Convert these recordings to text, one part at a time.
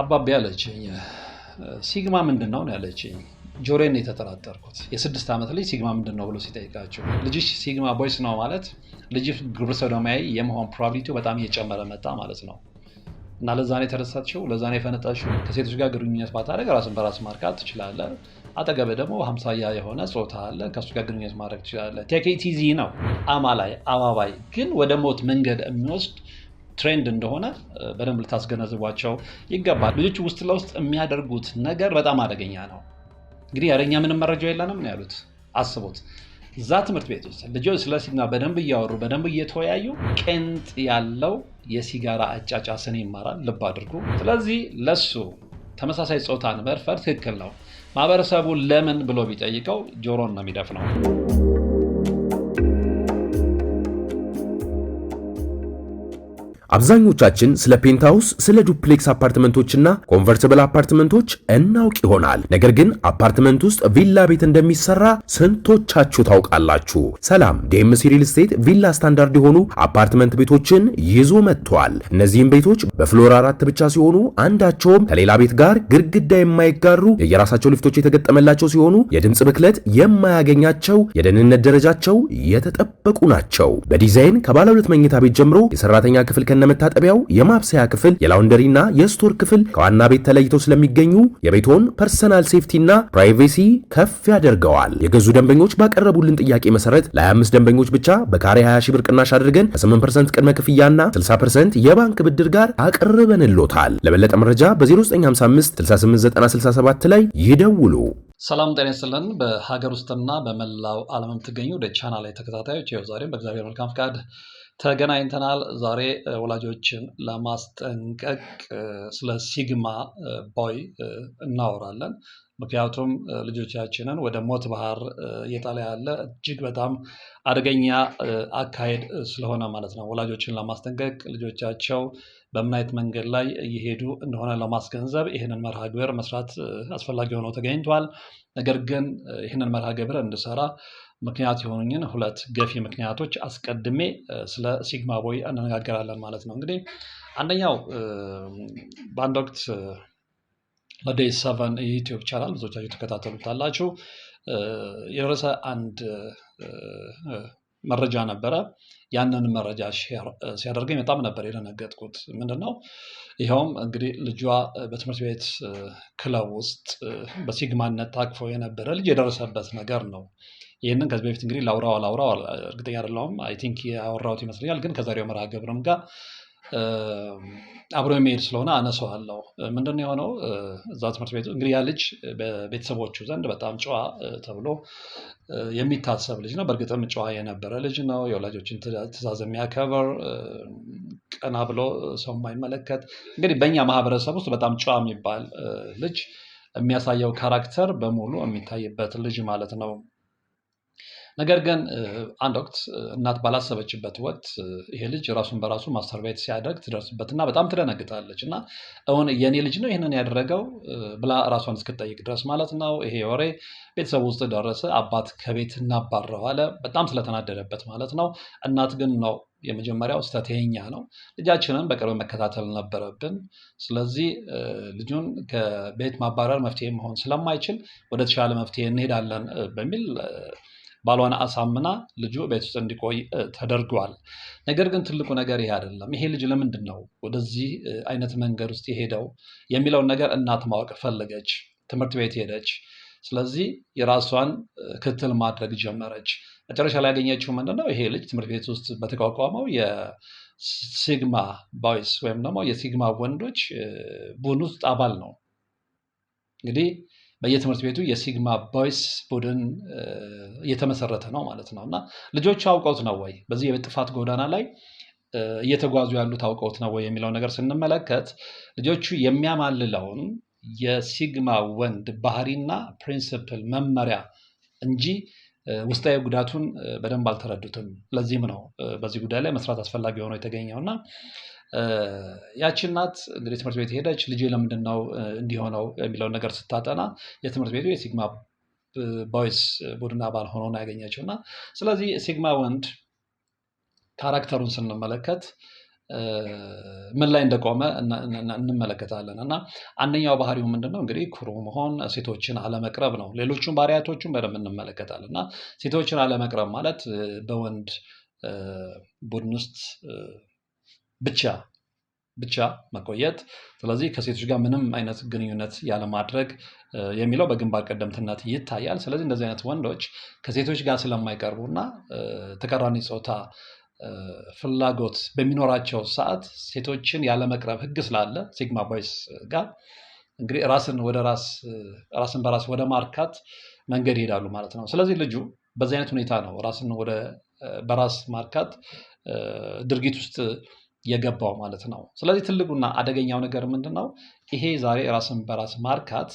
አባቤ አለችኝ ሲግማ ምንድን ነው ያለችኝ። ጆሮዬን የተጠራጠርኩት የስድስት ዓመት ልጅ ሲግማ ምንድን ነው ብሎ ሲጠይቃቸው ልጅሽ ሲግማ ቦይስ ነው ማለት ልጅ ግብረ ሰዶማዊ የመሆን ፕሮባቢሊቲው በጣም እየጨመረ መጣ ማለት ነው እና ለዛኔ የተረሳችው ለዛኔ የፈነጣችው ከሴቶች ጋር ግንኙነት ባታደረግ ራስን በራስ ማርካት ትችላለ አጠገበ ደግሞ ሀምሳያ የሆነ ጾታ አለ። ከሱ ጋር ግንኙነት ማድረግ ትችላለ ቴኬቲዚ ነው አማላይ አባባይ ግን ወደ ሞት መንገድ የሚወስድ ትሬንድ እንደሆነ በደንብ ልታስገነዝቧቸው ይገባል። ልጆች ውስጥ ለውስጥ የሚያደርጉት ነገር በጣም አደገኛ ነው። እንግዲህ ያረኛ ምንም መረጃ የለንም ነው ያሉት። አስቡት እዛ ትምህርት ቤት ውስጥ ልጆች ስለ ሲጋራ በደንብ እያወሩ በደንብ እየተወያዩ ቄንጥ ያለው የሲጋራ አጫጫስን ይማራል። ልብ አድርጉ። ስለዚህ ለሱ ተመሳሳይ ፆታን መድፈር ትክክል ነው። ማህበረሰቡ ለምን ብሎ ቢጠይቀው ጆሮን ነው የሚደፍነው። አብዛኞቻችን ስለ ፔንታውስ፣ ስለ ዱፕሌክስ አፓርትመንቶችና ኮንቨርትብል አፓርትመንቶች እናውቅ ይሆናል። ነገር ግን አፓርትመንት ውስጥ ቪላ ቤት እንደሚሰራ ስንቶቻችሁ ታውቃላችሁ? ሰላም ዴምሲ ሪል ስቴት ቪላ ስታንዳርድ የሆኑ አፓርትመንት ቤቶችን ይዞ መጥቷል። እነዚህም ቤቶች በፍሎር አራት ብቻ ሲሆኑ አንዳቸውም ከሌላ ቤት ጋር ግድግዳ የማይጋሩ የየራሳቸው ሊፍቶች የተገጠመላቸው ሲሆኑ የድምፅ ብክለት የማያገኛቸው የደህንነት ደረጃቸው የተጠበቁ ናቸው። በዲዛይን ከባለ ሁለት መኝታ ቤት ጀምሮ የሰራተኛ ክፍል ከነ መታጠቢያው የማብሰያ ክፍል፣ የላውንደሪና የስቶር ክፍል ከዋና ቤት ተለይቶ ስለሚገኙ የቤቶን ፐርሰናል ሴፍቲና ፕራይቬሲ ከፍ ያደርገዋል። የገዙ ደንበኞች ባቀረቡልን ጥያቄ መሰረት ለ25 ደንበኞች ብቻ በካሬ 20 ሺህ ብር ቅናሽ አድርገን ከ8% ቅድመ ክፍያና 60% የባንክ ብድር ጋር አቅርበንሎታል። ለበለጠ መረጃ በ0955689067 ላይ ይደውሉ። ሰላም ጤና ይስጥልን። በሀገር ውስጥና በመላው ዓለም የምትገኙ ወደ ቻናል ላይ ተከታታዮች ይኸው ዛሬም በእግዚአብሔር መልካም ፈቃድ ተገናኝተናል። ዛሬ ወላጆችን ለማስጠንቀቅ ስለ ሲግማ ቦይ እናወራለን። ምክንያቱም ልጆቻችንን ወደ ሞት ባህር እየጣለ ያለ እጅግ በጣም አደገኛ አካሄድ ስለሆነ ማለት ነው። ወላጆችን ለማስጠንቀቅ ልጆቻቸው በምን አይነት መንገድ ላይ እየሄዱ እንደሆነ ለማስገንዘብ ይህንን መርሃ ግብር መስራት አስፈላጊ ሆኖ ተገኝቷል። ነገር ግን ይህንን መርሃ ግብር እንድሰራ ምክንያት የሆኑኝን ሁለት ገፊ ምክንያቶች አስቀድሜ ስለ ሲግማ ቦይ እንነጋገራለን ማለት ነው። እንግዲህ አንደኛው በአንድ ወቅት ለዴይ ሰቨን የዩቲዩብ ቻናል ብዙዎቻችሁ ተከታተሉታላችሁ የደረሰ አንድ መረጃ ነበረ። ያንን መረጃ ሲያደርገኝ በጣም ነበር የደነገጥኩት። ነው ይኸውም እንግዲህ ልጇ በትምህርት ቤት ክለብ ውስጥ በሲግማነት ታቅፎ የነበረ ልጅ የደረሰበት ነገር ነው። ይህንን ከዚህ በፊት እንግዲህ ላውራው ላውራው እርግጠኛ አይደለሁም። አይ ቲንክ ያወራሁት ይመስለኛል። ግን ከዛሬው መርሃ ግብርም ጋር አብሮ የሚሄድ ስለሆነ አነሳዋለሁ። ምንድን የሆነው? እዛ ትምህርት ቤቱ እንግዲህ ያ ልጅ በቤተሰቦቹ ዘንድ በጣም ጨዋ ተብሎ የሚታሰብ ልጅ ነው። በእርግጥም ጨዋ የነበረ ልጅ ነው። የወላጆችን ትዕዛዝ የሚያከብር ቀና ብሎ ሰው የማይመለከት እንግዲህ በእኛ ማህበረሰብ ውስጥ በጣም ጨዋ የሚባል ልጅ የሚያሳየው ካራክተር በሙሉ የሚታይበት ልጅ ማለት ነው። ነገር ግን አንድ ወቅት እናት ባላሰበችበት ወቅት ይሄ ልጅ ራሱን በራሱ ማስተርቤት ሲያደርግ ትደርስበትና በጣም ትደነግጣለች እና አሁን የኔ ልጅ ነው ይህንን ያደረገው ብላ ራሷን እስክትጠይቅ ድረስ ማለት ነው። ይሄ ወሬ ቤተሰብ ውስጥ ደረሰ። አባት ከቤት እናባረው አለ፣ በጣም ስለተናደደበት ማለት ነው። እናት ግን ነው የመጀመሪያው ስህተት ነው። ልጃችንን በቅርብ መከታተል ነበረብን። ስለዚህ ልጁን ከቤት ማባረር መፍትሄ መሆን ስለማይችል ወደ ተሻለ መፍትሄ እንሄዳለን በሚል ባሏን አሳምና ልጁ ቤት ውስጥ እንዲቆይ ተደርጓል። ነገር ግን ትልቁ ነገር ይሄ አይደለም። ይሄ ልጅ ለምንድን ነው ወደዚህ አይነት መንገድ ውስጥ የሄደው የሚለውን ነገር እናት ማወቅ ፈለገች። ትምህርት ቤት ሄደች። ስለዚህ የራሷን ክትል ማድረግ ጀመረች። መጨረሻ ላይ ያገኘችው ምንድነው? ይሄ ልጅ ትምህርት ቤት ውስጥ በተቋቋመው የሲግማ ቦይስ ወይም ደግሞ የሲግማ ወንዶች ቡድን ውስጥ አባል ነው እንግዲህ በየትምህርት ቤቱ የሲግማ ቦይስ ቡድን እየተመሰረተ ነው ማለት ነው እና ልጆቹ አውቀውት ነው ወይ በዚህ የጥፋት ጎዳና ላይ እየተጓዙ ያሉት አውቀውት ነው ወይ የሚለው ነገር ስንመለከት ልጆቹ የሚያማልለውን የሲግማ ወንድ ባህሪና ፕሪንስፕል መመሪያ እንጂ ውስጣዊ ጉዳቱን በደንብ አልተረዱትም። ለዚህም ነው በዚህ ጉዳይ ላይ መስራት አስፈላጊ ሆኖ የተገኘው እና ያቺ እናት እንግዲህ ትምህርት ቤት ሄደች። ልጄ ለምንድን ነው እንዲሆነው የሚለውን ነገር ስታጠና የትምህርት ቤቱ የሲግማ ቦይስ ቡድን አባል ሆኖ ነው ያገኘችው። እና ስለዚህ ሲግማ ወንድ ካራክተሩን ስንመለከት ምን ላይ እንደቆመ እንመለከታለን። እና አንደኛው ባህሪው ምንድነው? እንግዲህ ኩሩ መሆን፣ ሴቶችን አለመቅረብ ነው። ሌሎቹን ባህሪያቶቹን በደንብ እንመለከታለን። እና ሴቶችን አለመቅረብ ማለት በወንድ ቡድን ውስጥ ብቻ ብቻ መቆየት። ስለዚህ ከሴቶች ጋር ምንም አይነት ግንኙነት ያለማድረግ የሚለው በግንባር ቀደምትነት ይታያል። ስለዚህ እንደዚህ አይነት ወንዶች ከሴቶች ጋር ስለማይቀርቡ እና ተቃራኒ ፆታ ፍላጎት በሚኖራቸው ሰዓት ሴቶችን ያለመቅረብ ህግ ስላለ ሲግማ ቦይስ ጋር እንግዲህ ራስን ወደ ራስ ራስን በራስ ወደ ማርካት መንገድ ይሄዳሉ ማለት ነው። ስለዚህ ልጁ በዚህ አይነት ሁኔታ ነው ራስን ወደ በራስ ማርካት ድርጊት ውስጥ የገባው ማለት ነው። ስለዚህ ትልቁና አደገኛው ነገር ምንድን ነው? ይሄ ዛሬ ራስን በራስ ማርካት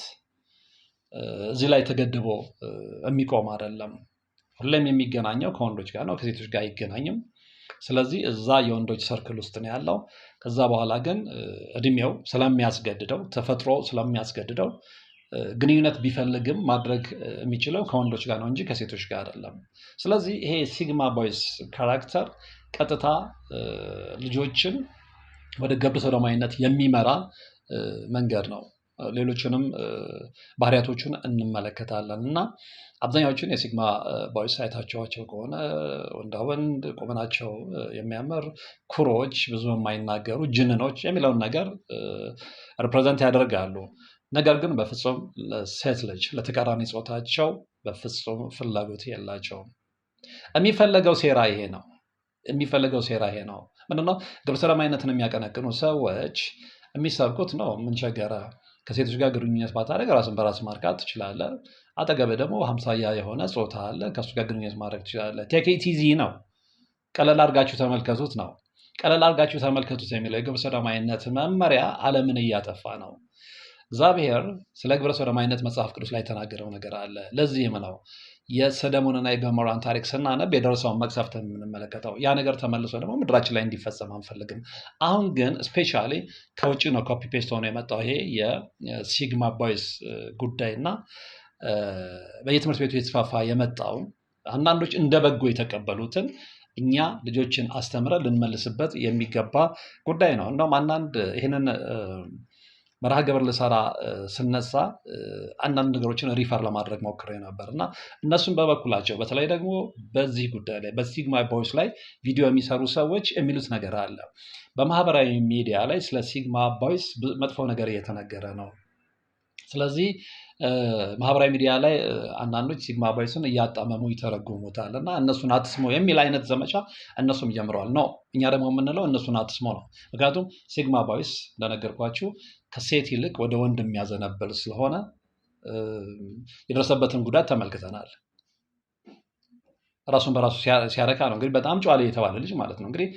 እዚህ ላይ ተገድቦ የሚቆም አይደለም። ሁሌም የሚገናኘው ከወንዶች ጋር ነው፣ ከሴቶች ጋር አይገናኝም። ስለዚህ እዛ የወንዶች ሰርክል ውስጥ ነው ያለው። ከዛ በኋላ ግን እድሜው ስለሚያስገድደው፣ ተፈጥሮ ስለሚያስገድደው ግንኙነት ቢፈልግም ማድረግ የሚችለው ከወንዶች ጋር ነው እንጂ ከሴቶች ጋር አይደለም። ስለዚህ ይሄ ሲግማ ቦይስ ካራክተር ቀጥታ ልጆችን ወደ ግብረ ሰዶማዊነት የሚመራ መንገድ ነው። ሌሎችንም ባህሪያቶቹን እንመለከታለን እና አብዛኛዎቹን የሲግማ ባዮች ሳይታቸዋቸው ከሆነ ወንዳ ወንድ፣ ቁመናቸው የሚያምር፣ ኩሮች፣ ብዙ የማይናገሩ ጅንኖች የሚለውን ነገር ሪፕሬዘንት ያደርጋሉ። ነገር ግን በፍጹም ለሴት ልጅ ለተቃራኒ ጾታቸው በፍጹም ፍላጎት የላቸውም። የሚፈለገው ሴራ ይሄ ነው። የሚፈለገው ሴራ ይሄ ነው። ምንድነው ግብረሰዶማዊነትን የሚያቀነቅኑ ሰዎች የሚሰብኩት ነው። ምን ቸገረ? ከሴቶች ጋር ግንኙነት ባታደረግ ራስን በራስ ማርካት ትችላለ። አጠገብ ደግሞ ሀምሳያ የሆነ ጾታ አለ። ከሱ ጋር ግንኙነት ማድረግ ትችላለ። ቴክ ነው። ቀለል አድርጋችሁ ተመልከቱት ነው። ቀለል አድርጋችሁ ተመልከቱት የሚለው የግብረሰዶማዊነት መመሪያ ዓለምን እያጠፋ ነው። እግዚአብሔር ስለ ግብረሰዶማዊነት መጽሐፍ ቅዱስ ላይ የተናገረው ነገር አለ። ለዚህም ነው የሰለሞንና የገሞራን ታሪክ ስናነብ የደረሰውን መቅሰፍት የምንመለከተው ያ ነገር ተመልሶ ደግሞ ምድራችን ላይ እንዲፈጸም አንፈልግም። አሁን ግን ስፔሻሊ ከውጭ ነው ኮፒ ፔስት ሆኖ የመጣው ይሄ የሲግማ ቦይስ ጉዳይ እና በየትምህርት ቤቱ የተስፋፋ የመጣው አንዳንዶች እንደ በጎ የተቀበሉትን እኛ ልጆችን አስተምረ ልንመልስበት የሚገባ ጉዳይ ነው። እንደውም አንዳንድ ይህንን መርሃ ግብር ልሰራ ስነሳ አንዳንድ ነገሮችን ሪፈር ለማድረግ ሞክሬ ነበር እና እነሱም በበኩላቸው በተለይ ደግሞ በዚህ ጉዳይ ላይ በሲግማ ቦይስ ላይ ቪዲዮ የሚሰሩ ሰዎች የሚሉት ነገር አለ። በማህበራዊ ሚዲያ ላይ ስለ ሲግማ ቦይስ መጥፎ ነገር እየተነገረ ነው። ስለዚህ ማህበራዊ ሚዲያ ላይ አንዳንዶች ሲግማ እያጣመሙ ይተረጉሙታል እና እነሱን አትስሞ የሚል አይነት ዘመቻ እነሱም ጀምረዋል ነው። እኛ ደግሞ የምንለው እነሱን አትስሞ ነው። ምክንያቱም ሲግማ እንደነገርኳችሁ ከሴት ይልቅ ወደ ወንድ የሚያዘነብል ስለሆነ የደረሰበትን ጉዳት ተመልክተናል። ራሱን በራሱ ሲያረካ ነው እንግዲህ በጣም ጨዋላ የተባለ ልጅ ማለት ነው። እንግዲህ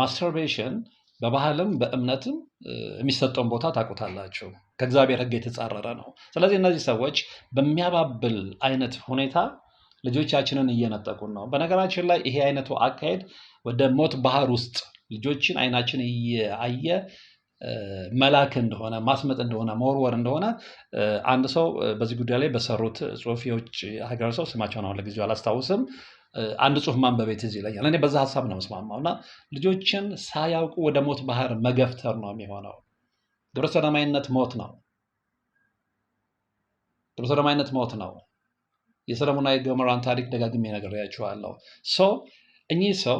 ማስተርቤሽን በባህልም በእምነትም የሚሰጠውን ቦታ ታውቁታላችሁ። ከእግዚአብሔር ሕግ የተጻረረ ነው። ስለዚህ እነዚህ ሰዎች በሚያባብል አይነት ሁኔታ ልጆቻችንን እየነጠቁን ነው። በነገራችን ላይ ይሄ አይነቱ አካሄድ ወደ ሞት ባህር ውስጥ ልጆችን አይናችን እያየ መላክ እንደሆነ ማስመጥ እንደሆነ መወርወር እንደሆነ አንድ ሰው በዚህ ጉዳይ ላይ በሰሩት ጽሁፍ የውጭ ሀገር ሰው ስማቸውን አሁን ለጊዜው አላስታውስም አንድ ጽሁፍ ማንበቤት ትዝ ይለኛል። እኔ በዛ ሀሳብ ነው መስማማው እና ልጆችን ሳያውቁ ወደ ሞት ባህር መገፍተር ነው የሚሆነው። ግብረ ሰዶማዊነት ሞት ነው። ግብረ ሰዶማዊነት ሞት ነው። የሰለሞንና የገሞራን ታሪክ ደጋግሜ ነግሬያችኋለሁ። ሰው እኚህ ሰው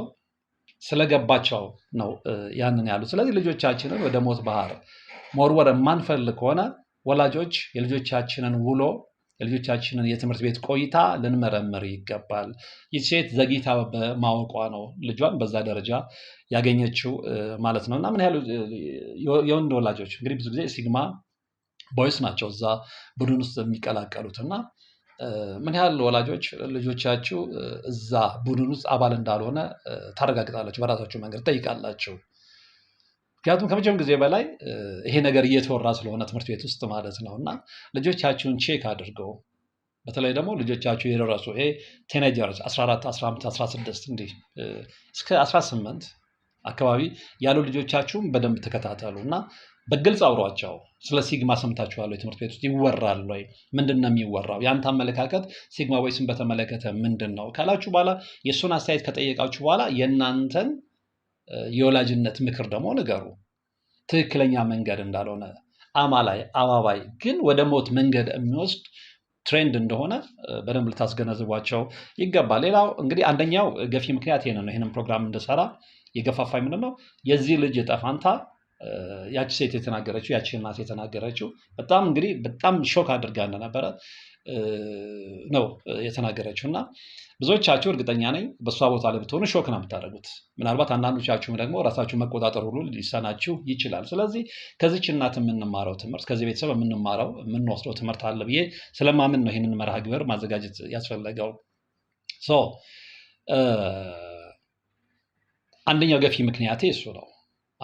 ስለገባቸው ነው ያንን ያሉት። ስለዚህ ልጆቻችንን ወደ ሞት ባህር መወርወር የማንፈልግ ከሆነ ወላጆች የልጆቻችንን ውሎ የልጆቻችንን የትምህርት ቤት ቆይታ ልንመረምር ይገባል። ይህ ሴት ዘግይታ በማወቋ ነው ልጇን በዛ ደረጃ ያገኘችው ማለት ነው። እና ምን ያህል የወንድ ወላጆች እንግዲህ ብዙ ጊዜ ሲግማ ቦይስ ናቸው እዛ ቡድን ውስጥ የሚቀላቀሉት እና ምን ያህል ወላጆች ልጆቻችሁ እዛ ቡድን ውስጥ አባል እንዳልሆነ ታረጋግጣላችሁ፣ በራሳችሁ መንገድ ጠይቃላችሁ። ምክንያቱም ከመቼም ጊዜ በላይ ይሄ ነገር እየተወራ ስለሆነ ትምህርት ቤት ውስጥ ማለት ነው እና ልጆቻችሁን ቼክ አድርገው በተለይ ደግሞ ልጆቻችሁ የደረሱ ይሄ ቴኔጀርስ 14፣ 15፣ 16 እንዲህ እስከ 18 አካባቢ ያሉ ልጆቻችሁን በደንብ ተከታተሉ እና በግልጽ አውሯቸው። ስለ ሲግማ ሰምታችኋል? ትምህርት ቤት ውስጥ ይወራል ወይ? ምንድን ነው የሚወራው? ያንተ አመለካከት ሲግማ ወይስን በተመለከተ ምንድን ነው ካላችሁ በኋላ የእሱን አስተያየት ከጠየቃችሁ በኋላ የእናንተን የወላጅነት ምክር ደግሞ ንገሩ። ትክክለኛ መንገድ እንዳልሆነ አማላይ አባባይ ግን ወደ ሞት መንገድ የሚወስድ ትሬንድ እንደሆነ በደንብ ልታስገነዝቧቸው ይገባል። ሌላው እንግዲህ አንደኛው ገፊ ምክንያት ይህን ነው። ይህንን ፕሮግራም እንደሰራ የገፋፋኝ ምንድን ነው የዚህ ልጅ ጠፋንታ ያች ያቺ ሴት የተናገረችው ያቺ እናት የተናገረችው በጣም እንግዲህ በጣም ሾክ አድርጋ እንደነበረ ነው የተናገረችው። እና ብዙዎቻችሁ እርግጠኛ ነኝ በእሷ ቦታ ላይ ብትሆኑ ሾክ ነው የምታደርጉት። ምናልባት አንዳንዶቻችሁም ደግሞ ራሳችሁን መቆጣጠር ሁሉ ሊሰናችሁ ይችላል። ስለዚህ ከዚች እናት የምንማረው ትምህርት፣ ከዚህ ቤተሰብ የምንማረው የምንወስደው ትምህርት አለ ብዬ ስለማምን ነው ይህንን መርሃ ግብር ማዘጋጀት ያስፈለገው። አንደኛው ገፊ ምክንያቴ እሱ ነው።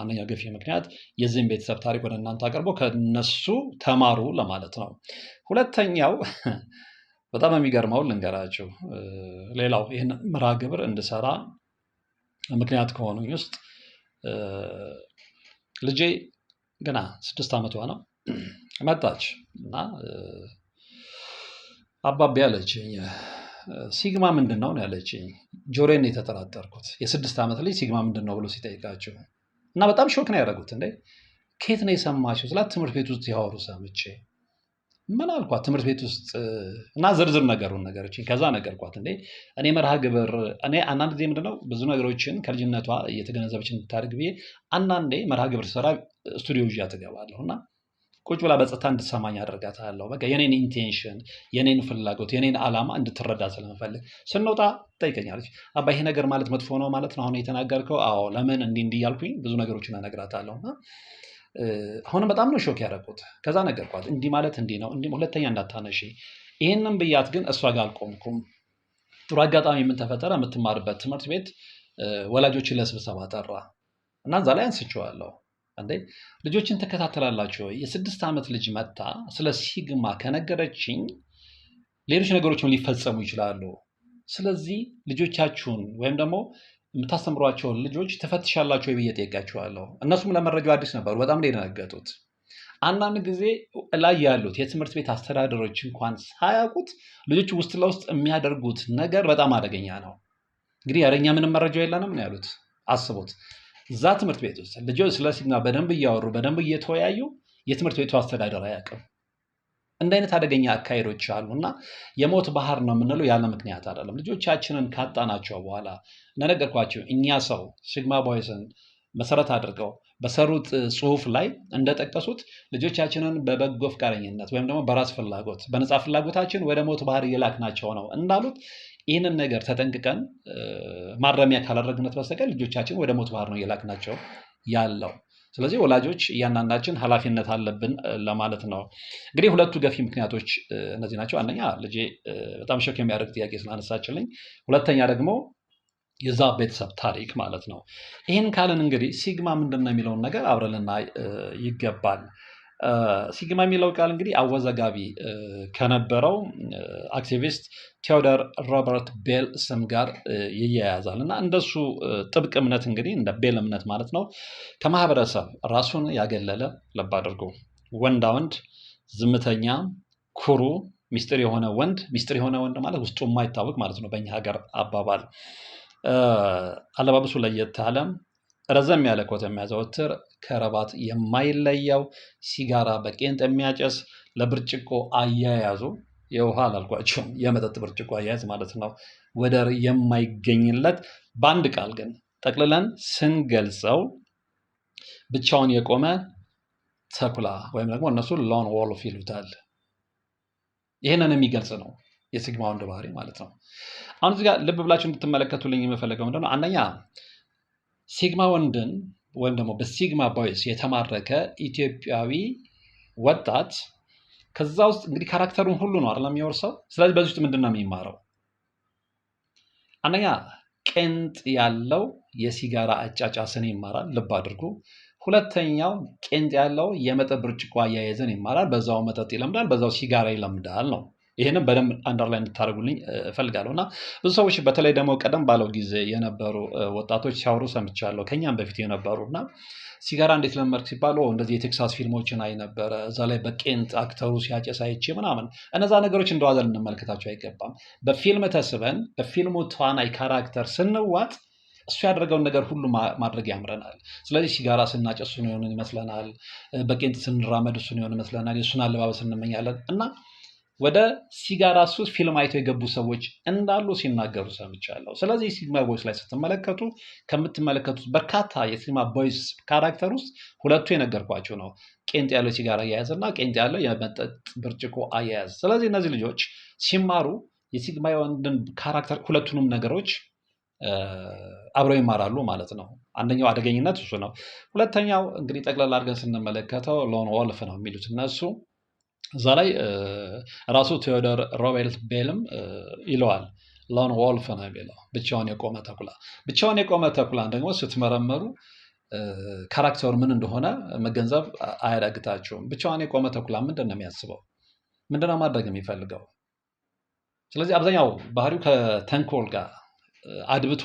አንደኛው ገፊ ምክንያት የዚህም ቤተሰብ ታሪክ ወደ እናንተ አቅርቦ ከነሱ ተማሩ ለማለት ነው። ሁለተኛው በጣም የሚገርመው ልንገራችሁ፣ ሌላው ይህን ምራ ግብር እንድሰራ ምክንያት ከሆኑኝ ውስጥ ልጄ ገና ስድስት ዓመቷ ነው መጣች እና አባቢ አለችኝ። ሲግማ ምንድን ነው ያለችኝ። ጆሬን የተጠራጠርኩት የስድስት ዓመት ልጅ ሲግማ ምንድን ነው ብሎ ሲጠይቃችሁ እና በጣም ሾክ ነው ያደረጉት። እንደ ከየት ነው የሰማችው ስላት ትምህርት ቤት ውስጥ ያወሩ ሰምቼ ምን አልኳት ትምህርት ቤት ውስጥ እና ዝርዝር ነገሩን ነገሮች ከዛ ነገርኳት። እንዴ እኔ መርሃ ግብር እኔ አንዳንድ ጊዜ ምንድነው ብዙ ነገሮችን ከልጅነቷ እየተገነዘበች እንድታደርግ ብዬ አንዳንዴ መርሃ ግብር ስራ ስቱዲዮ ይዣ ትገባለሁ እና ቁጭ ብላ በጸጥታ እንድሰማኝ አደርጋታለሁ። በቃ የኔን ኢንቴንሽን፣ የኔን ፍላጎት፣ የኔን አላማ እንድትረዳ ስለምፈልግ ስንወጣ ትጠይቀኛለች። አባ ይሄ ነገር ማለት መጥፎ ነው ማለት ነው አሁን የተናገርከው? አዎ ለምን እንዲ እንዲ ያልኩኝ ብዙ ነገሮችን እነግራታለሁ። እና አሁንም በጣም ነው ሾክ ያደረቁት ከዛ ነገርኳት እንዲህ ማለት እንዲህ ነው፣ እንዲ ሁለተኛ እንዳታነሺ። ይህንም ብያት ግን እሷ ጋር አልቆምኩም። ጥሩ አጋጣሚ የምንተፈጠረ የምትማርበት ትምህርት ቤት ወላጆችን ለስብሰባ ጠራ እና እዛ ላይ አንስችዋለሁ እንዴ ልጆችን ትከታተላላችሁ ወይ? የስድስት ዓመት ልጅ መታ ስለ ሲግማ ከነገረችኝ ሌሎች ነገሮችም ሊፈጸሙ ይችላሉ። ስለዚህ ልጆቻችሁን ወይም ደግሞ የምታስተምሯቸውን ልጆች ትፈትሻላችሁ ወይ ብዬ ጠይቃችኋለሁ። እነሱም ለመረጃው አዲስ ነበሩ። በጣም ነው የደነገጡት። አንዳንድ ጊዜ ላይ ያሉት የትምህርት ቤት አስተዳደሮች እንኳን ሳያውቁት ልጆች ውስጥ ለውስጥ የሚያደርጉት ነገር በጣም አደገኛ ነው። እንግዲህ ያለኛ ምንም መረጃ የለንም ነው ያሉት። አስቡት። እዛ ትምህርት ቤት ውስጥ ልጆች ስለ ሲግማ በደንብ እያወሩ በደንብ እየተወያዩ የትምህርት ቤቱ አስተዳደር አያውቅም። እንደ አይነት አደገኛ አካሄዶች አሉ እና የሞት ባህር ነው የምንለው ያለ ምክንያት አይደለም። ልጆቻችንን ካጣናቸው በኋላ እንደነገርኳቸው እኛ ሰው ሲግማ ቦይስን መሰረት አድርገው በሰሩት ጽሁፍ ላይ እንደጠቀሱት ልጆቻችንን በበጎ ፈቃደኝነት ወይም ደግሞ በራስ ፍላጎት በነፃ ፍላጎታችን ወደ ሞት ባህር እየላክናቸው ነው እንዳሉት ይህንን ነገር ተጠንቅቀን ማረሚያ ካላደረግነት በስተቀር ልጆቻችን ወደ ሞት ባህር ነው እየላክናቸው ያለው። ስለዚህ ወላጆች እያንዳንዳችን ኃላፊነት አለብን ለማለት ነው። እንግዲህ ሁለቱ ገፊ ምክንያቶች እነዚህ ናቸው። አንደኛ ልጄ በጣም ሾክ የሚያደርግ ጥያቄ ስላነሳችልኝ፣ ሁለተኛ ደግሞ የዛ ቤተሰብ ታሪክ ማለት ነው። ይህን ካልን እንግዲህ ሲግማ ምንድን ነው የሚለውን ነገር አብረልና ይገባል። ሲግማ የሚለው ቃል እንግዲህ አወዛጋቢ ከነበረው አክቲቪስት ቴዎደር ሮበርት ቤል ስም ጋር ይያያዛል እና እንደሱ ጥብቅ እምነት እንግዲህ እንደ ቤል እምነት ማለት ነው ከማህበረሰብ ራሱን ያገለለ ለብ አድርጎ ወንዳ ወንድ፣ ዝምተኛ፣ ኩሩ ሚስጢር የሆነ ወንድ። ሚስጢር የሆነ ወንድ ማለት ውስጡ የማይታወቅ ማለት ነው በእኛ ሀገር አባባል። አለባበሱ ለየት ያለ ረዘም ያለ ኮት የሚያዘወትር ከረባት የማይለየው ሲጋራ በቄንጥ የሚያጨስ ለብርጭቆ አያያዙ የውሃ አላልኳቸውም፣ የመጠጥ ብርጭቆ አያያዝ ማለት ነው፣ ወደር የማይገኝለት በአንድ ቃል ግን ጠቅልለን ስንገልጸው ብቻውን የቆመ ተኩላ ወይም ደግሞ እነሱ ሎን ወልፍ ይሉታል። ይህንን የሚገልጽ ነው የሲግማ ወንድ ባህሪ ማለት ነው። አሁን እዚህ ልብ ብላችሁ እንድትመለከቱልኝ የምፈለገው ምንድነው? አንደኛ ሲግማ ወንድን ወይም ደግሞ በሲግማ ቦይስ የተማረከ ኢትዮጵያዊ ወጣት ከዛ ውስጥ እንግዲህ ካራክተሩን ሁሉ ነው አይደለም የሚወርሰው። ስለዚህ በዚህ ውስጥ ምንድን ነው የሚማረው? አንደኛ ቄንጥ ያለው የሲጋራ አጫጫስን ይማራል። ልብ አድርጉ። ሁለተኛው ቄንጥ ያለው የመጠጥ ብርጭቆ አያያዝን ይማራል። በዛው መጠጥ ይለምዳል፣ በዛው ሲጋራ ይለምዳል ነው ይህንም በደንብ አንደርላይን እንድታደርጉልኝ እፈልጋለሁ እና ብዙ ሰዎች በተለይ ደግሞ ቀደም ባለው ጊዜ የነበሩ ወጣቶች ሲያወሩ ሰምቻለሁ። ከኛም በፊት የነበሩ እና ሲጋራ እንዴት ለመድክ ሲባሉ እንደዚህ የቴክሳስ ፊልሞችን አይ ነበረ እዛ ላይ በቄንጥ አክተሩ ሲያጨስ አይቼ ምናምን። እነዛ ነገሮች እንደዋዛ ልንመልከታቸው አይገባም። በፊልም ተስበን በፊልሙ ተዋናይ ካራክተር ስንዋጥ እሱ ያደረገውን ነገር ሁሉ ማድረግ ያምረናል። ስለዚህ ሲጋራ ስናጨስ እሱን ይመስለናል፣ በቄንጥ ስንራመድ እሱን የሆን ይመስለናል፣ የእሱን አለባበስ እንመኛለን እና ወደ ሲጋራ ሱስ ፊልም አይተው የገቡ ሰዎች እንዳሉ ሲናገሩ ሰምቻለሁ። ስለዚህ ሲኒማ ቦይስ ላይ ስትመለከቱ ከምትመለከቱት በርካታ የሲኒማ ቦይስ ካራክተር ውስጥ ሁለቱ የነገርኳቸው ነው፣ ቄንጥ ያለው የሲጋራ አያያዝ እና ቄንጥ ያለው የመጠጥ ብርጭቆ አያያዝ። ስለዚህ እነዚህ ልጆች ሲማሩ የሲግማ የወንድን ካራክተር ሁለቱንም ነገሮች አብረው ይማራሉ ማለት ነው። አንደኛው አደገኝነት እሱ ነው። ሁለተኛው እንግዲህ ጠቅላላ አድርገን ስንመለከተው ሎን ወልፍ ነው የሚሉት እነሱ እዛ ላይ ራሱ ቴዎዶር ሮቤልት ቤልም ይለዋል ሎን ወልፍ ነው የሚለው ብቻውን የቆመ ተኩላ። ብቻውን የቆመ ተኩላን ደግሞ ስትመረመሩ ካራክተሩ ምን እንደሆነ መገንዘብ አያዳግታችሁም። ብቻውን የቆመ ተኩላ ምንድን ነው የሚያስበው? ምንድን ነው ማድረግ የሚፈልገው? ስለዚህ አብዛኛው ባህሪው ከተንኮል ጋር አድብቶ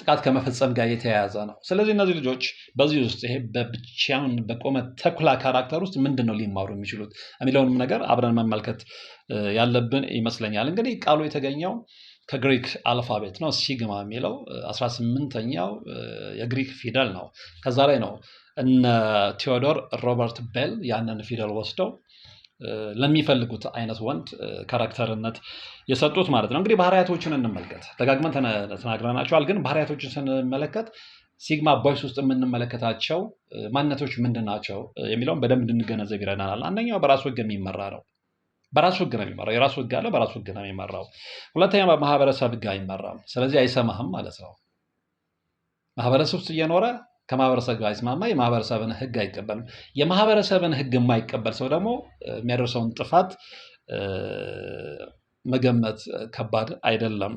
ጥቃት ከመፈጸም ጋር የተያያዘ ነው። ስለዚህ እነዚህ ልጆች በዚህ ውስጥ ይሄ በብቻውን በቆመ ተኩላ ካራክተር ውስጥ ምንድን ነው ሊማሩ የሚችሉት የሚለውንም ነገር አብረን መመልከት ያለብን ይመስለኛል። እንግዲህ ቃሉ የተገኘው ከግሪክ አልፋቤት ነው። ሲግማ የሚለው አስራ ስምንተኛው የግሪክ ፊደል ነው። ከዛ ላይ ነው እነ ቴዎዶር ሮበርት ቤል ያንን ፊደል ወስደው ለሚፈልጉት አይነት ወንድ ካራክተርነት የሰጡት ማለት ነው። እንግዲህ ባህሪያቶችን እንመልከት። ደጋግመን ተናግረናቸዋል፣ ግን ባህሪያቶችን ስንመለከት ሲግማ ቦይስ ውስጥ የምንመለከታቸው ማንነቶች ምንድን ናቸው የሚለውን በደንብ እንድንገነዘብ ይረዳናል። አንደኛው በራሱ ህግ የሚመራ ነው። በራሱ ህግ ነው የሚመራው። የራሱ ህግ አለ፣ በራሱ ህግ ነው የሚመራው። ሁለተኛ በማህበረሰብ ህግ አይመራም። ስለዚህ አይሰማህም ማለት ነው። ማህበረሰብ ውስጥ እየኖረ ከማህበረሰብ ጋር አይስማማ፣ የማህበረሰብን ህግ አይቀበልም። የማህበረሰብን ህግ የማይቀበል ሰው ደግሞ የሚያደርሰውን ጥፋት መገመት ከባድ አይደለም።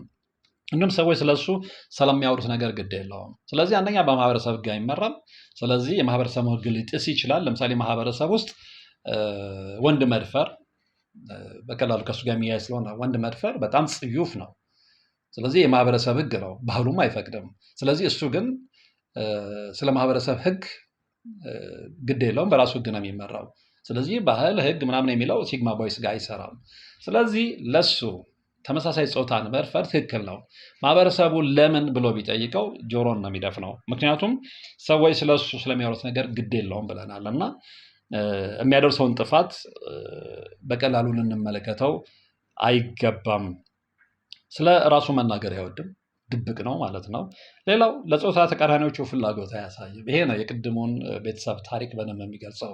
እንዲሁም ሰዎች ስለሱ ስለሚያወሩት ነገር ግድ የለውም። ስለዚህ አንደኛ በማህበረሰብ ህግ አይመራም። ስለዚህ የማህበረሰብ ህግ ሊጥስ ይችላል። ለምሳሌ ማህበረሰብ ውስጥ ወንድ መድፈር በቀላሉ ከሱ ጋር የሚያይ ስለሆነ ወንድ መድፈር በጣም ጽዩፍ ነው። ስለዚህ የማህበረሰብ ህግ ነው፣ ባህሉም አይፈቅድም። ስለዚህ እሱ ግን ስለ ማህበረሰብ ህግ ግድ የለውም፣ በራሱ ህግ ነው የሚመራው። ስለዚህ ባህል ህግ ምናምን የሚለው ሲግማ ቦይስ ጋር አይሰራም። ስለዚህ ለሱ ተመሳሳይ ፆታን መድፈር ትክክል ነው። ማህበረሰቡ ለምን ብሎ ቢጠይቀው ጆሮን ነው የሚደፍነው። ምክንያቱም ሰዎች ስለሱ ስለሚያወሩት ነገር ግድ የለውም ብለናል እና የሚያደርሰውን ጥፋት በቀላሉ ልንመለከተው አይገባም። ስለ ራሱ መናገር አይወድም። ድብቅ ነው ማለት ነው። ሌላው ለጾታ ተቃራኒዎቹ ፍላጎት አያሳይም። ይሄ ነው የቅድሙን ቤተሰብ ታሪክ በደንብ የሚገልጸው።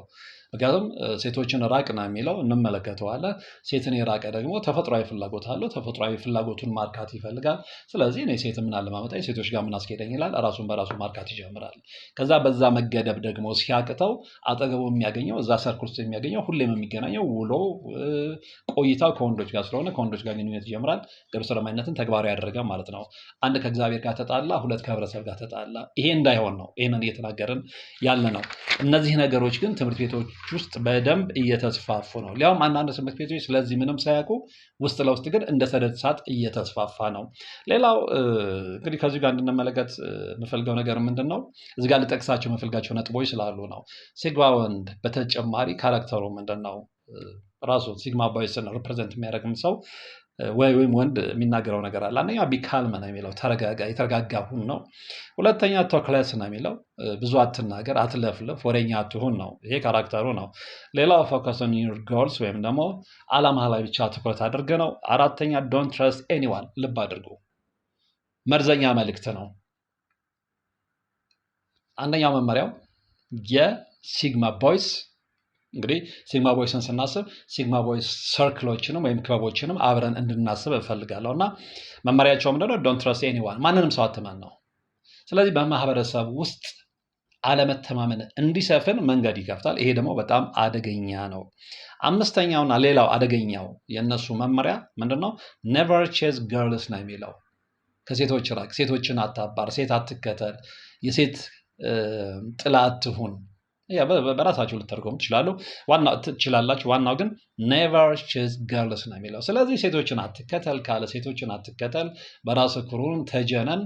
ምክንያቱም ሴቶችን ራቅ ነው የሚለው እንመለከተዋለን። ሴትን የራቀ ደግሞ ተፈጥሯዊ ፍላጎት አለው። ተፈጥሯዊ ፍላጎቱን ማርካት ይፈልጋል። ስለዚህ እኔ ሴት ምን አለማመጣኝ ሴቶች ጋር ምን አስኬደኝ ይላል። ራሱን በራሱ ማርካት ይጀምራል። ከዛ በዛ መገደብ ደግሞ ሲያቅተው አጠገቡ የሚያገኘው እዛ ሰርክል ውስጥ የሚያገኘው ሁሌም የሚገናኘው ውሎ ቆይታው ከወንዶች ጋር ስለሆነ ከወንዶች ጋር ግንኙነት ይጀምራል። ግብረ ሰዶማዊነትን ተግባራዊ ያደረገ ማለት ነው። አንድ ከእግዚአብሔር ጋር ተጣላ፣ ሁለት ከህብረተሰብ ጋር ተጣላ። ይሄ እንዳይሆን ነው ይህንን እየተናገርን ያለ ነው። እነዚህ ነገሮች ግን ትምህርት ቤቶች ውስጥ በደንብ እየተስፋፉ ነው። ሊያውም አንዳንድ ትምህርት ቤቶች ስለዚህ ምንም ሳያውቁ ውስጥ ለውስጥ ግን እንደ ሰደድ እሳት እየተስፋፋ ነው። ሌላው እንግዲህ ከዚህ ጋር እንድንመለከት የምፈልገው ነገር ምንድን ነው? እዚህ ጋር ልጠቅሳቸው የምፈልጋቸው ነጥቦች ስላሉ ነው። ሲግማ ወንድ በተጨማሪ ካራክተሩ ምንድን ነው? ራሱ ሲግማ ቦይስን ሪፕሬዘንት የሚያደርግም ሰው ወይም ወንድ የሚናገረው ነገር አለ። አንደኛ ቢካልም ነው የሚለው ተረጋጋ፣ የተረጋጋ ሁን ነው። ሁለተኛ ቶክለስ ነው የሚለው ብዙ አትናገር፣ አትለፍልፍ፣ ወሬኛ አትሁን ነው። ይሄ ካራክተሩ ነው። ሌላው ፎከስ ኦን ዩር ጎልስ ወይም ደግሞ አላማ ላይ ብቻ ትኩረት አድርገ ነው። አራተኛ ዶንት ትረስት ኤኒዋን፣ ልብ አድርጉ፣ መርዘኛ መልእክት ነው። አንደኛው መመሪያው የሲግማ ቦይስ እንግዲህ ሲግማ ቮይስን ስናስብ ሲግማ ቮይስ ሰርክሎችንም ወይም ክበቦችንም አብረን እንድናስብ እፈልጋለሁ እና መመሪያቸው ምንድነው? ዶንት ትረስት ኤኒዋን ማንንም ሰው አትመን ነው። ስለዚህ በማህበረሰብ ውስጥ አለመተማመን እንዲሰፍን መንገድ ይከፍታል። ይሄ ደግሞ በጣም አደገኛ ነው። አምስተኛውና ሌላው አደገኛው የእነሱ መመሪያ ምንድነው? ኔቨር ቼዝ ገርልስ ነው የሚለው ከሴቶች ራቅ፣ ሴቶችን አታባር፣ ሴት አትከተል፣ የሴት ጥላ አትሁን በራሳችሁ ልተርጎሙ ትችላሉ ትችላላችሁ። ዋናው ግን ኔቨር ቺዝ ገርልስ ነው የሚለው። ስለዚህ ሴቶችን አትከተል ካለ ሴቶችን አትከተል፣ በራስ ኩሩን ተጀነን፣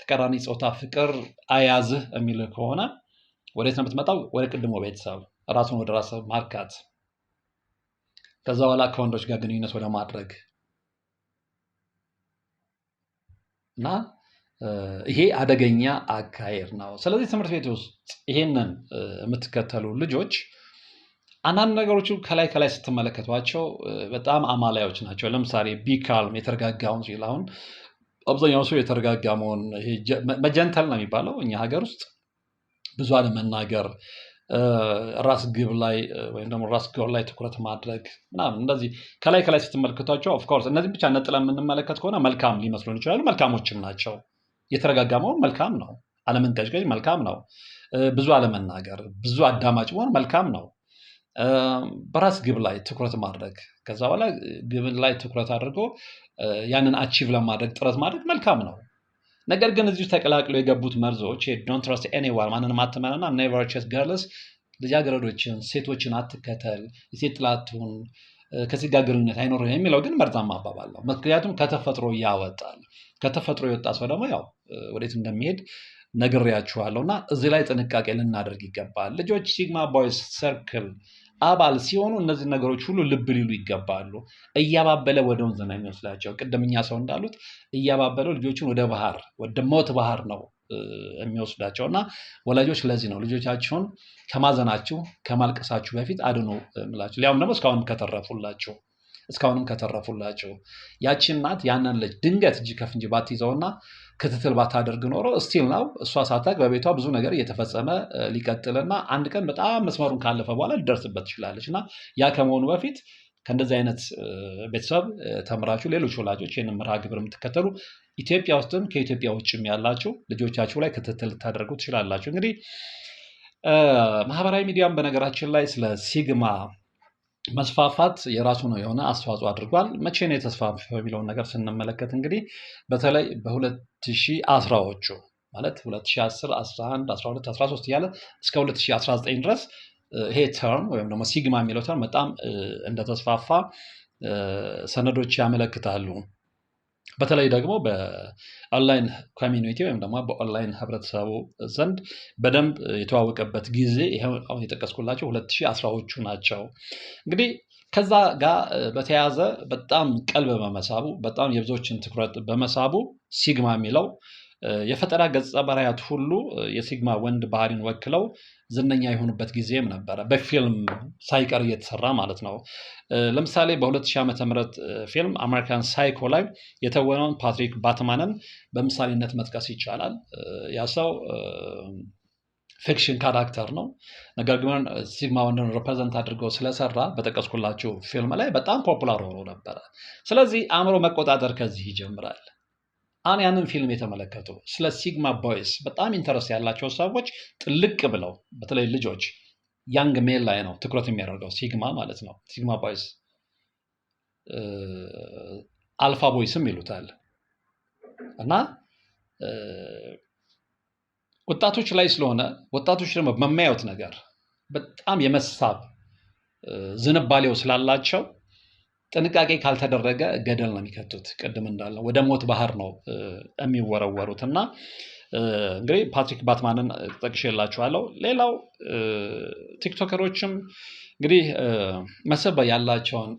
ተቀራኒ ፆታ ፍቅር አያዝህ የሚል ከሆነ ወዴት ነው የምትመጣው? ወደ ቅድሞ ቤተሰብ ራሱን ወደ ራስ ማርካት፣ ከዛ በኋላ ከወንዶች ጋር ግንኙነት ወደ ማድረግ እና ይሄ አደገኛ አካሄድ ነው። ስለዚህ ትምህርት ቤት ውስጥ ይሄንን የምትከተሉ ልጆች አንዳንድ ነገሮቹ ከላይ ከላይ ስትመለከቷቸው በጣም አማላዮች ናቸው። ለምሳሌ ቢካልም የተረጋጋውን ሲል አሁን አብዛኛው ሰው የተረጋጋ መሆን መጀንተል ነው የሚባለው እኛ ሀገር ውስጥ ብዙ አለመናገር፣ ራስ ግብ ላይ ወይም ደግሞ ራስ ግብ ላይ ትኩረት ማድረግ ምናምን እንደዚህ ከላይ ከላይ ስትመለከቷቸው ኦፍኮርስ እነዚህ ብቻ ነጥለን የምንመለከት ከሆነ መልካም ሊመስሉን ይችላሉ። መልካሞችም ናቸው። የተረጋጋ መሆን መልካም ነው። አለመንቀጭቀጭ መልካም ነው። ብዙ አለመናገር፣ ብዙ አዳማጭ መሆን መልካም ነው። በራስ ግብ ላይ ትኩረት ማድረግ ከዛ በኋላ ግብ ላይ ትኩረት አድርጎ ያንን አቺቭ ለማድረግ ጥረት ማድረግ መልካም ነው። ነገር ግን እዚሁ ተቀላቅሎ የገቡት መርዞች ዶንት ትረስት ኤኒዋን ማንንም አትመንና ገርልስ ልጃገረዶችን፣ ሴቶችን አትከተል፣ የሴት ጥላቱን ከሴት ጋር ግንኙነት አይኖርም የሚለው ግን መርዛማ አባባል ነው። ምክንያቱም ከተፈጥሮ ያወጣል። ከተፈጥሮ የወጣ ሰው ደግሞ ያው ወዴት እንደሚሄድ ነግሬያችኋለሁ እና እዚህ ላይ ጥንቃቄ ልናደርግ ይገባል። ልጆች ሲግማ ቦይስ ሰርክል አባል ሲሆኑ እነዚህ ነገሮች ሁሉ ልብ ሊሉ ይገባሉ። እያባበለ ወደ ወንዝ ነው የሚወስዳቸው። ሰው እንዳሉት እያባበለው ልጆችን ወደ ባህር ወደ ሞት ባህር ነው የሚወስዳቸው እና ወላጆች ለዚህ ነው ልጆቻችሁን ከማዘናችሁ ከማልቀሳችሁ በፊት አድኑ ምላቸው ሊያውም ደግሞ እስካሁን ከተረፉላቸው እስካሁንም ከተረፉላቸው ያቺ እናት ያንን ልጅ ድንገት እጅ ከፍንጅ ባትይዘውና ክትትል ባታደርግ ኖሮ እስቲል ነው እሷ ሳታውቅ በቤቷ ብዙ ነገር እየተፈጸመ ሊቀጥልና አንድ ቀን በጣም መስመሩን ካለፈ በኋላ ሊደርስበት ትችላለች እና ያ ከመሆኑ በፊት ከእንደዚህ አይነት ቤተሰብ ተምራችሁ ሌሎች ወላጆች ይህን መርሃ ግብር የምትከተሉ ኢትዮጵያ ውስጥም ከኢትዮጵያ ውጭም ያላችሁ ልጆቻችሁ ላይ ክትትል ልታደርጉ ትችላላችሁ። እንግዲህ ማህበራዊ ሚዲያም በነገራችን ላይ ስለ ሲግማ መስፋፋት የራሱ ነው የሆነ አስተዋጽኦ አድርጓል። መቼ ነው የተስፋፋው የሚለውን ነገር ስንመለከት እንግዲህ በተለይ በሁለት ሺህ አስራዎቹ ማለት 2010፣ 11፣ 12፣ 13 እያለ እስከ 2019 ድረስ ይሄ ተርም ወይም ደግሞ ሲግማ የሚለው ተርም በጣም እንደተስፋፋ ሰነዶች ያመለክታሉ። በተለይ ደግሞ በኦንላይን ኮሚኒቲ ወይም ደግሞ በኦንላይን ህብረተሰቡ ዘንድ በደንብ የተዋወቀበት ጊዜ ይ አሁን የጠቀስኩላቸው ሁለት ሺህ አስራዎቹ ናቸው እንግዲህ ከዛ ጋር በተያያዘ በጣም ቀልብ በመሳቡ በጣም የብዙዎችን ትኩረት በመሳቡ ሲግማ የሚለው የፈጠራ ገጸ በረያት ሁሉ የሲግማ ወንድ ባህሪን ወክለው ዝነኛ የሆኑበት ጊዜም ነበረ፣ በፊልም ሳይቀር እየተሰራ ማለት ነው። ለምሳሌ በ2000 ም ፊልም አሜሪካን ሳይኮ ላይ የተወነውን ፓትሪክ ባትማንን በምሳሌነት መጥቀስ ይቻላል። ያ ሰው ፊክሽን ካራክተር ነው። ነገር ግን ሲግማ ወንድን ሪፕሬዘንት አድርገው ስለሰራ በጠቀስኩላችሁ ፊልም ላይ በጣም ፖፑላር ሆኖ ነበረ። ስለዚህ አእምሮ መቆጣጠር ከዚህ ይጀምራል። አሁን ያንን ፊልም የተመለከቱ ስለ ሲግማ ቦይስ በጣም ኢንተረስት ያላቸው ሰዎች ጥልቅ ብለው በተለይ ልጆች ያንግ ሜል ላይ ነው ትኩረት የሚያደርገው ሲግማ ማለት ነው። ሲግማ ቦይስ አልፋ ቦይስም ይሉታል እና ወጣቶች ላይ ስለሆነ ወጣቶች ደግሞ በማያዩት ነገር በጣም የመሳብ ዝንባሌው ስላላቸው ጥንቃቄ ካልተደረገ ገደል ነው የሚከቱት። ቅድም እንዳለው ወደ ሞት ባህር ነው የሚወረወሩት እና እንግዲህ ፓትሪክ ባትማንን ጠቅሼላችኋለሁ። ሌላው ቲክቶከሮችም እንግዲህ መስህብ ያላቸውን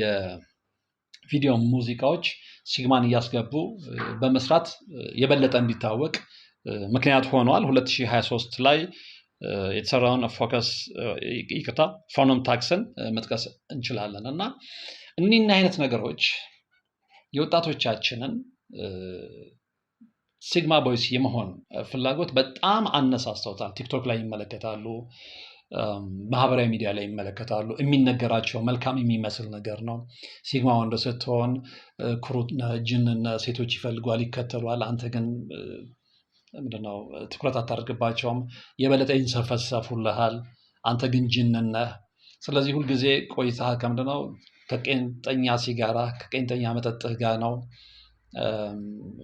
የቪዲዮ ሙዚቃዎች ሲግማን እያስገቡ በመስራት የበለጠ እንዲታወቅ ምክንያት ሆነዋል። 2023 ላይ የተሰራውን uh, ፎከስ uh, ይቅርታ ፎኖም ታክስን uh, መጥቀስ እንችላለን እና እኒህና አይነት ነገሮች የወጣቶቻችንን ሲግማ ቦይስ የመሆን ፍላጎት በጣም አነሳስተውታል። ቲክቶክ ላይ ይመለከታሉ፣ um, ማህበራዊ ሚዲያ ላይ ይመለከታሉ። የሚነገራቸው መልካም የሚመስል ነገር ነው። ሲግማ ወንድ ስትሆን ኩሩ ጅንና ሴቶች ይፈልጓል፣ ይከተሏል። አንተ ግን ምንድነው ትኩረት አታደርግባቸውም፣ የበለጠ ይንሰፈሰፉልሃል። አንተ ግን ጅንነህ። ስለዚህ ሁልጊዜ ቆይታ ከምንድነው ከቄንጠኛ ሲጋራ ከቄንጠኛ መጠጥህ ጋር ነው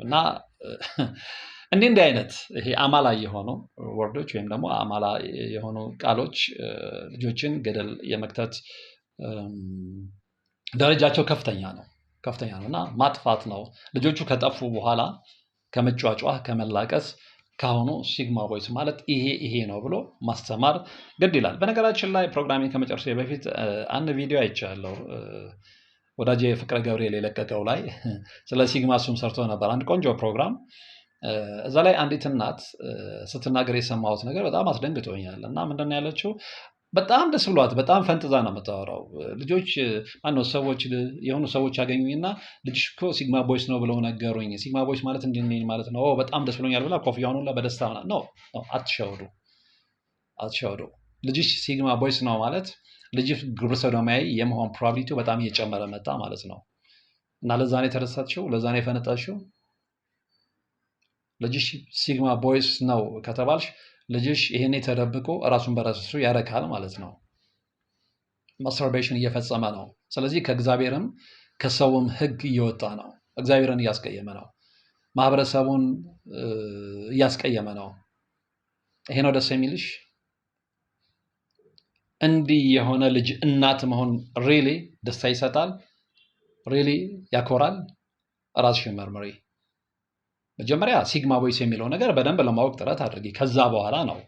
እና እንዲህ እንዲህ አይነት ይሄ አማላ የሆኑ ወርዶች ወይም ደግሞ አማላ የሆኑ ቃሎች ልጆችን ገደል የመክተት ደረጃቸው ከፍተኛ ነው ከፍተኛ ነው እና ማጥፋት ነው። ልጆቹ ከጠፉ በኋላ ከመጫጫ ከመላቀስ ካሁኑ ሲግማ ቮይስ ማለት ይሄ ይሄ ነው ብሎ ማስተማር ግድ ይላል። በነገራችን ላይ ፕሮግራሚንግ ከመጨረሴ በፊት አንድ ቪዲዮ አይቻለሁ ወዳጅ ፍቅረ ገብርኤል የለቀቀው ላይ ስለ ሲግማ እሱም ሰርቶ ነበር አንድ ቆንጆ ፕሮግራም። እዛ ላይ አንዲት እናት ስትናገር የሰማሁት ነገር በጣም አስደንግጦኛል እና ምንድን ነው ያለችው በጣም ደስ ብሏት በጣም ፈንጥዛ ነው የምታወራው። ልጆች ማነው ሰዎች የሆኑ ሰዎች አገኙኝና ልጅሽ እኮ ሲግማ ቦይስ ነው ብለው ነገሩኝ። ሲግማ ቦይስ ማለት እንዲህ ማለት ነው። በጣም ደስ ብሎኛል ብላ ኮፍያውን ሁላ በደስታ ነው ነው። አትሸውዱ፣ አትሸውዱ። ልጅሽ ሲግማ ቦይስ ነው ማለት ልጅሽ ግብረ ሰዶማዊ የመሆን ፕሮባቢሊቲው በጣም እየጨመረ መጣ ማለት ነው። እና ለዛ ነው የተረሳችው፣ ለዛ ነው የፈነጣችው። ልጅሽ ሲግማ ቦይስ ነው ከተባልሽ ልጅሽ ይህኔ ተደብቆ እራሱን በራሱ ያረካል ማለት ነው። ማስተርቤሽን እየፈጸመ ነው። ስለዚህ ከእግዚአብሔርም ከሰውም ህግ እየወጣ ነው። እግዚአብሔርን እያስቀየመ ነው። ማህበረሰቡን እያስቀየመ ነው። ይሄ ነው ደስ የሚልሽ። እንዲህ የሆነ ልጅ እናት መሆን ሪሊ ደስታ ይሰጣል፣ ሪሊ ያኮራል። ራስሽን መርምሪ። መጀመሪያ ሲግማ ቦይስ የሚለው ነገር በደንብ ለማወቅ ጥረት አድርጊ። ከዛ በኋላ ነው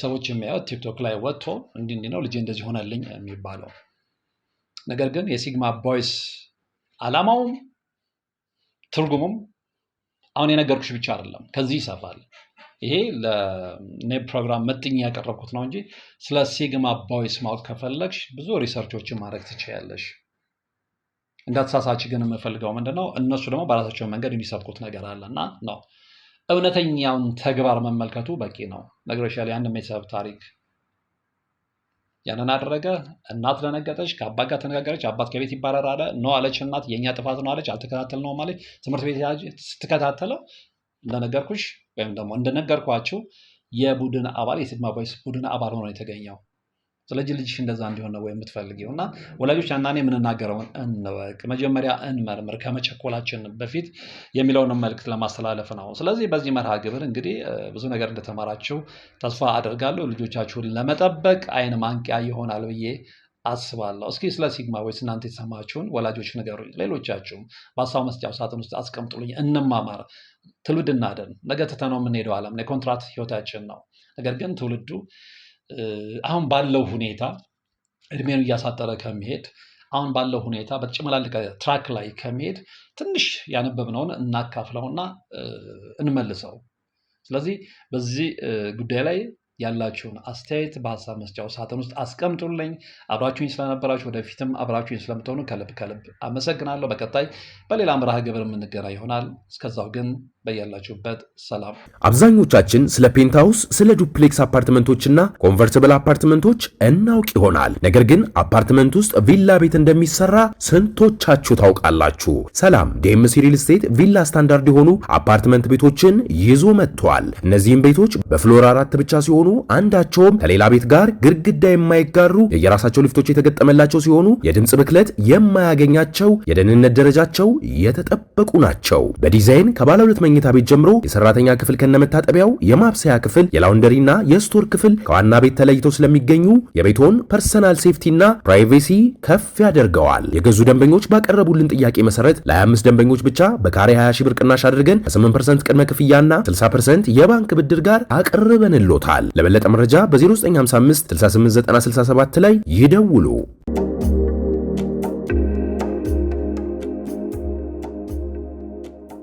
ሰዎች የሚያዩት ቲክቶክ ላይ ወጥቶ እንዲህ ነው ልጄ እንደዚህ ሆነልኝ የሚባለው። ነገር ግን የሲግማ ቮይስ አላማውም ትርጉሙም አሁን የነገርኩሽ ብቻ አይደለም፣ ከዚህ ይሰፋል። ይሄ ለኔ ፕሮግራም መጥኝ ያቀረብኩት ነው እንጂ ስለ ሲግማ ቮይስ ማወቅ ከፈለግሽ ብዙ ሪሰርቾችን ማድረግ ትችያለሽ። እንዳተሳሳች ግን የምፈልገው ምንድነው እነሱ ደግሞ በራሳቸው መንገድ የሚሰብኩት ነገር አለና ነው። እውነተኛውን ተግባር መመልከቱ በቂ ነው። ነግሬሻለሁ። የአንድ ቤተሰብ ታሪክ ያንን አደረገ። እናት ለነገጠች ከአባት ጋር ተነጋገረች። አባት ከቤት ይባረር አለ። ኖ አለች እናት። የእኛ ጥፋት ነው አለች። አልተከታተል ነው ማለች። ትምህርት ቤት ስትከታተለው እንደነገርኩሽ ወይም ደግሞ እንደነገርኳችሁ የቡድን አባል የሲግማ ቦይስ ቡድን አባል ሆኖ የተገኘው ስለዚህ ልጅሽ እንደዛ እንዲሆን ነው ወይ የምትፈልጊው? እና ወላጆች አንዳንዴ የምንናገረውን እንወቅ፣ መጀመሪያ እንመርምር ከመቸኮላችን በፊት የሚለውን መልክት ለማስተላለፍ ነው። ስለዚህ በዚህ መርሃ ግብር እንግዲህ ብዙ ነገር እንደተማራችሁ ተስፋ አደርጋለሁ። ልጆቻችሁን ለመጠበቅ አይን ማንቂያ ይሆናል ብዬ አስባለሁ። እስኪ ስለ ሲግማ ቮይስ እናንተ የተሰማችሁን ወላጆች ንገሩኝ። ሌሎቻችሁም በሀሳብ መስጫው ሳጥን ውስጥ አስቀምጡልኝ። እንማማር፣ ትውልድ እናድን። ነገ ትተነው የምንሄደው ዓለም የኮንትራት ህይወታችን ነው። ነገር ግን ትውልዱ አሁን ባለው ሁኔታ እድሜን እያሳጠረ ከመሄድ አሁን ባለው ሁኔታ በተጨመላለቀ ትራክ ላይ ከመሄድ ትንሽ ያነበብነውን እናካፍለውና እንመልሰው። ስለዚህ በዚህ ጉዳይ ላይ ያላችሁን አስተያየት በሀሳብ መስጫው ሳጥን ውስጥ አስቀምጡልኝ። አብራችሁኝ ስለነበራችሁ ወደፊትም አብራችሁኝ ስለምትሆኑ ከልብ ከልብ አመሰግናለሁ። በቀጣይ በሌላ መርሃ ግብር የምንገናኝ ይሆናል። እስከዛው ግን በያላችሁበት ሰላም። አብዛኞቻችን ስለ ፔንታውስ፣ ስለ ዱፕሌክስ አፓርትመንቶችና ኮንቨርትብል አፓርትመንቶች እናውቅ ይሆናል። ነገር ግን አፓርትመንት ውስጥ ቪላ ቤት እንደሚሰራ ስንቶቻችሁ ታውቃላችሁ? ሰላም ዴምሲ ሪል ስቴት ቪላ ስታንዳርድ የሆኑ አፓርትመንት ቤቶችን ይዞ መጥቷል። እነዚህም ቤቶች በፍሎር አራት ብቻ ሲሆኑ አንዳቸውም ከሌላ ቤት ጋር ግድግዳ የማይጋሩ የየራሳቸው ሊፍቶች የተገጠመላቸው ሲሆኑ የድምፅ ብክለት የማያገኛቸው፣ የደህንነት ደረጃቸው የተጠበቁ ናቸው። በዲዛይን ከባለ ሁለት መኛ ከመኝታ ቤት ጀምሮ የሰራተኛ ክፍል ከነመታጠቢያው፣ የማብሰያ ክፍል፣ የላውንደሪና የስቶር ክፍል ከዋና ቤት ተለይተው ስለሚገኙ የቤቶን ፐርሰናል ሴፍቲና ፕራይቬሲ ከፍ ያደርገዋል። የገዙ ደንበኞች ባቀረቡልን ጥያቄ መሰረት ለ25 ደንበኞች ብቻ በካሬ 20 ሺህ ብር ቅናሽ አድርገን ከ8% ቅድመ ክፍያና 60% የባንክ ብድር ጋር አቅርበንሎታል። ለበለጠ መረጃ በ0955 68967 ላይ ይደውሉ።